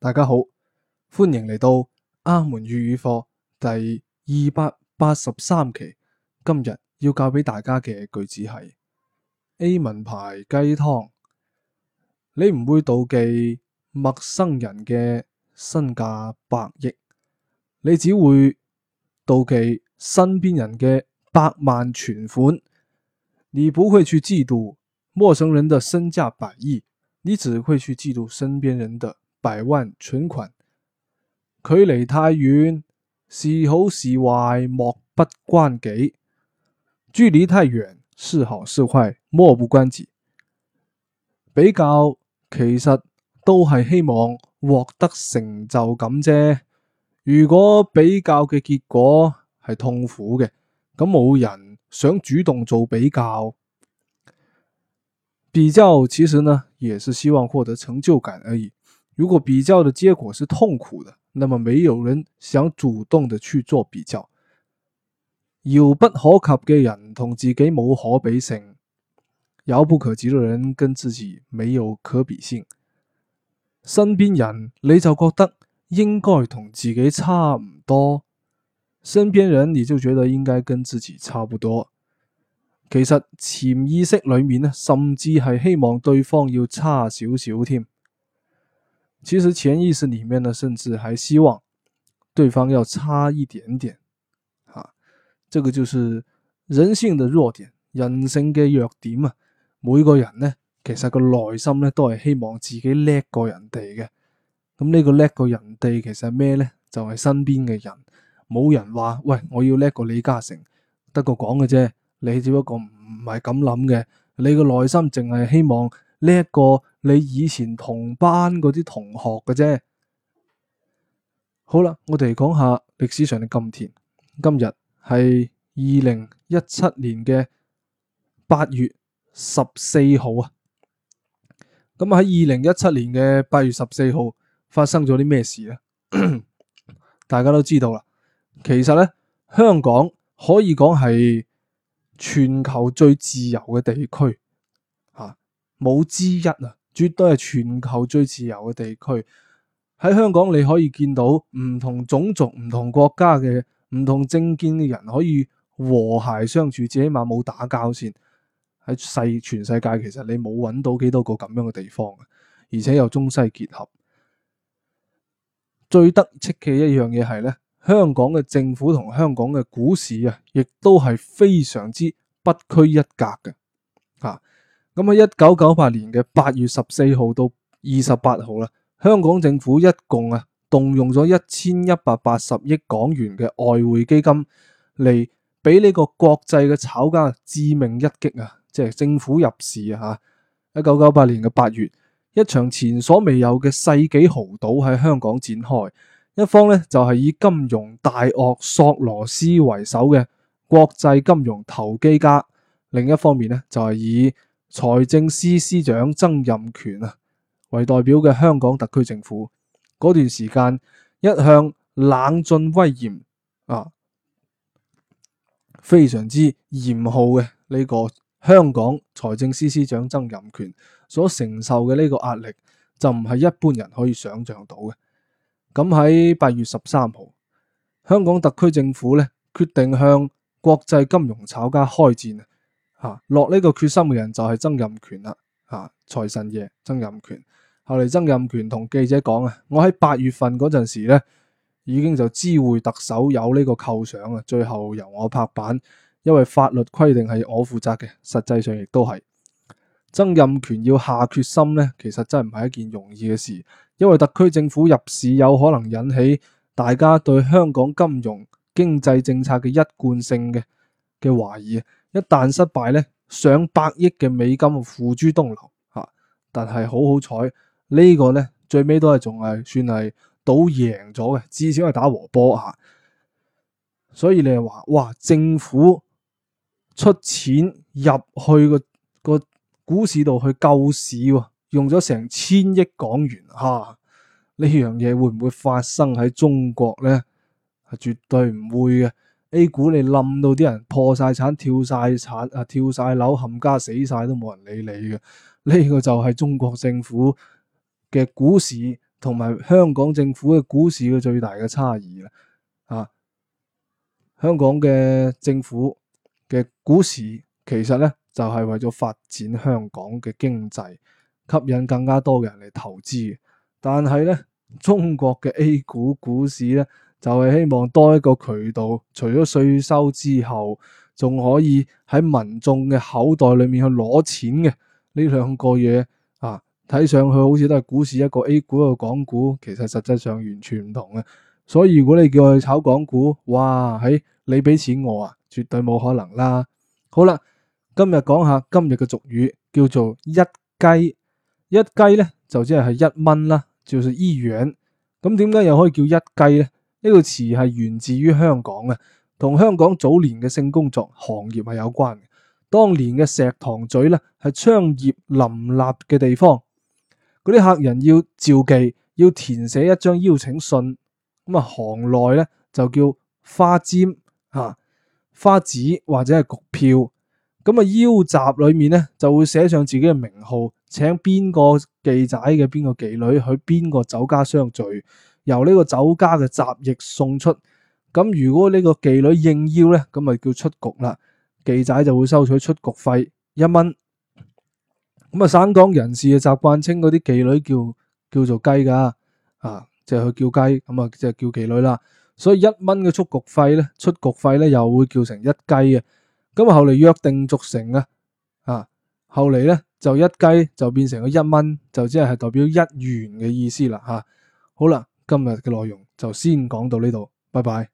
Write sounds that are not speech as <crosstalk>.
大家好，歡迎嚟到阿門粵語課第二百八十三期。今日要教俾大家嘅句子係：Amen 牌雞湯，你唔會妒忌陌生人嘅身價百億，你只會妒忌身邊人嘅百萬存款。你不會去嫉妒陌生人的身價百億，你只會去嫉妒身邊人的。百萬存款，距離太遠，是好是壞，莫不關己。距離太遠，是好是壞，莫不關己。比較其實都係希望獲得成就感啫。如果比較嘅結果係痛苦嘅，咁冇人想主動做比較。比較其實呢，也是希望獲得成就感而已。如果比較的結果是痛苦的，那麼沒有人想主動的去做比較。遙不可及嘅人同自己冇可比性，遙不可及嘅人跟自己沒有可比性。身邊人你就覺得應該同自己差唔多，身邊人你就覺得應該跟自己差唔多。其實潛意識裏面咧，甚至係希望對方要差少少添。其實潛意識裏面呢，甚至還希望對方要差一點點，啊，這個就是人性的弱點，人性嘅弱點啊。每個人呢，其實個內心呢都係希望自己叻過人哋嘅。咁呢個叻過人哋其實係咩呢？就係身邊嘅人，冇人話，喂，我要叻過李嘉誠，得個講嘅啫。你只不過唔係咁諗嘅，你個內心淨係希望叻過。你以前同班嗰啲同學嘅啫。好啦，我哋嚟講下歷史上嘅今天。今日係二零一七年嘅八月十四號啊。咁喺二零一七年嘅八月十四號發生咗啲咩事呢？ <coughs> 大家都知道啦。其實呢，香港可以講係全球最自由嘅地區啊，冇之一啊。絕對係全球最自由嘅地區。喺香港你可以見到唔同種族、唔同國家嘅唔同政見嘅人可以和諧相處，至起碼冇打交先。喺世全世界，其實你冇揾到幾多個咁樣嘅地方，而且有中西結合。最得戚嘅一樣嘢係咧，香港嘅政府同香港嘅股市啊，亦都係非常之不拘一格嘅，嚇、啊。咁喺一九九八年嘅八月十四號到二十八號啦，香港政府一共啊動用咗一千一百八十億港元嘅外匯基金嚟，俾呢個國際嘅炒家致命一擊啊！即係政府入市啊！吓，一九九八年嘅八月，一場前所未有嘅世紀豪賭喺香港展開。一方咧就係、是、以金融大鱷索羅斯為首嘅國際金融投機家，另一方面咧就係、是、以財政司司長曾蔭權啊，為代表嘅香港特區政府嗰段時間，一向冷峻威嚴啊，非常之嚴酷嘅呢個香港財政司司長曾蔭權所承受嘅呢個壓力，就唔係一般人可以想象到嘅。咁喺八月十三號，香港特區政府呢決定向國際金融炒家開戰吓落呢個決心嘅人就係曾蔭權啦，吓財神爺曾蔭權。後嚟曾蔭權同記者講啊，我喺八月份嗰陣時咧，已經就知會特首有呢個構想啊，最後由我拍板，因為法律規定係我負責嘅，實際上亦都係曾蔭權要下決心咧，其實真係唔係一件容易嘅事，因為特區政府入市有可能引起大家對香港金融經濟政策嘅一貫性嘅。嘅懷疑，一旦失敗咧，上百億嘅美金付諸東流吓。但係好好彩，這個、呢個咧最尾都係仲係算係賭贏咗嘅，至少係打和波吓、啊。所以你話哇，政府出錢入去個個股市度去救市，用咗成千億港元吓，呢樣嘢會唔會發生喺中國咧？係絕對唔會嘅。A 股你冧到啲人破晒產、跳晒產、啊跳晒樓、冚家死晒都冇人理你嘅，呢個就係中國政府嘅股市同埋香港政府嘅股市嘅最大嘅差異啦。啊，香港嘅政府嘅股市其實呢，就係為咗發展香港嘅經濟，吸引更加多嘅人嚟投資。但係呢，中國嘅 A 股股市呢，就係希望多一個渠道，除咗稅收之後，仲可以喺民眾嘅口袋裡面去攞錢嘅，呢兩個嘢啊。睇上去好似都係股市一個 A 股一個港股，其實實際上完全唔同嘅。所以如果你叫佢炒港股，哇，喺你俾錢我啊，絕對冇可能啦。好啦，今日講下今日嘅俗語叫做一雞，一雞咧，就即係係一蚊啦，叫做一元。咁點解又可以叫一雞咧？呢個詞係源自於香港嘅，啊，同香港早年嘅性工作行業係有關嘅。當年嘅石塘咀咧，係娼業林立嘅地方，嗰啲客人要召妓，要填寫一張邀請信，咁啊行內咧就叫花尖吓，啊、花紙或者係局票，咁啊邀集裏面咧就會寫上自己嘅名號，請邊個妓仔嘅邊個妓女去邊個酒家相聚。由呢個酒家嘅雜役送出，咁如果呢個妓女應邀咧，咁咪叫出局啦，妓仔就會收取出局費一蚊。咁啊，省港人士嘅習慣稱嗰啲妓女叫叫做雞㗎，啊，即係去叫雞，咁啊，即係叫妓女啦。所以一蚊嘅出局費咧，出局費咧又會叫成一雞嘅。咁啊，後嚟約定俗成啊，啊，後嚟咧就一雞就變成咗一蚊，就只係係代表一元嘅意思啦。嚇、啊，好啦。今日嘅內容就先講到呢度，拜拜。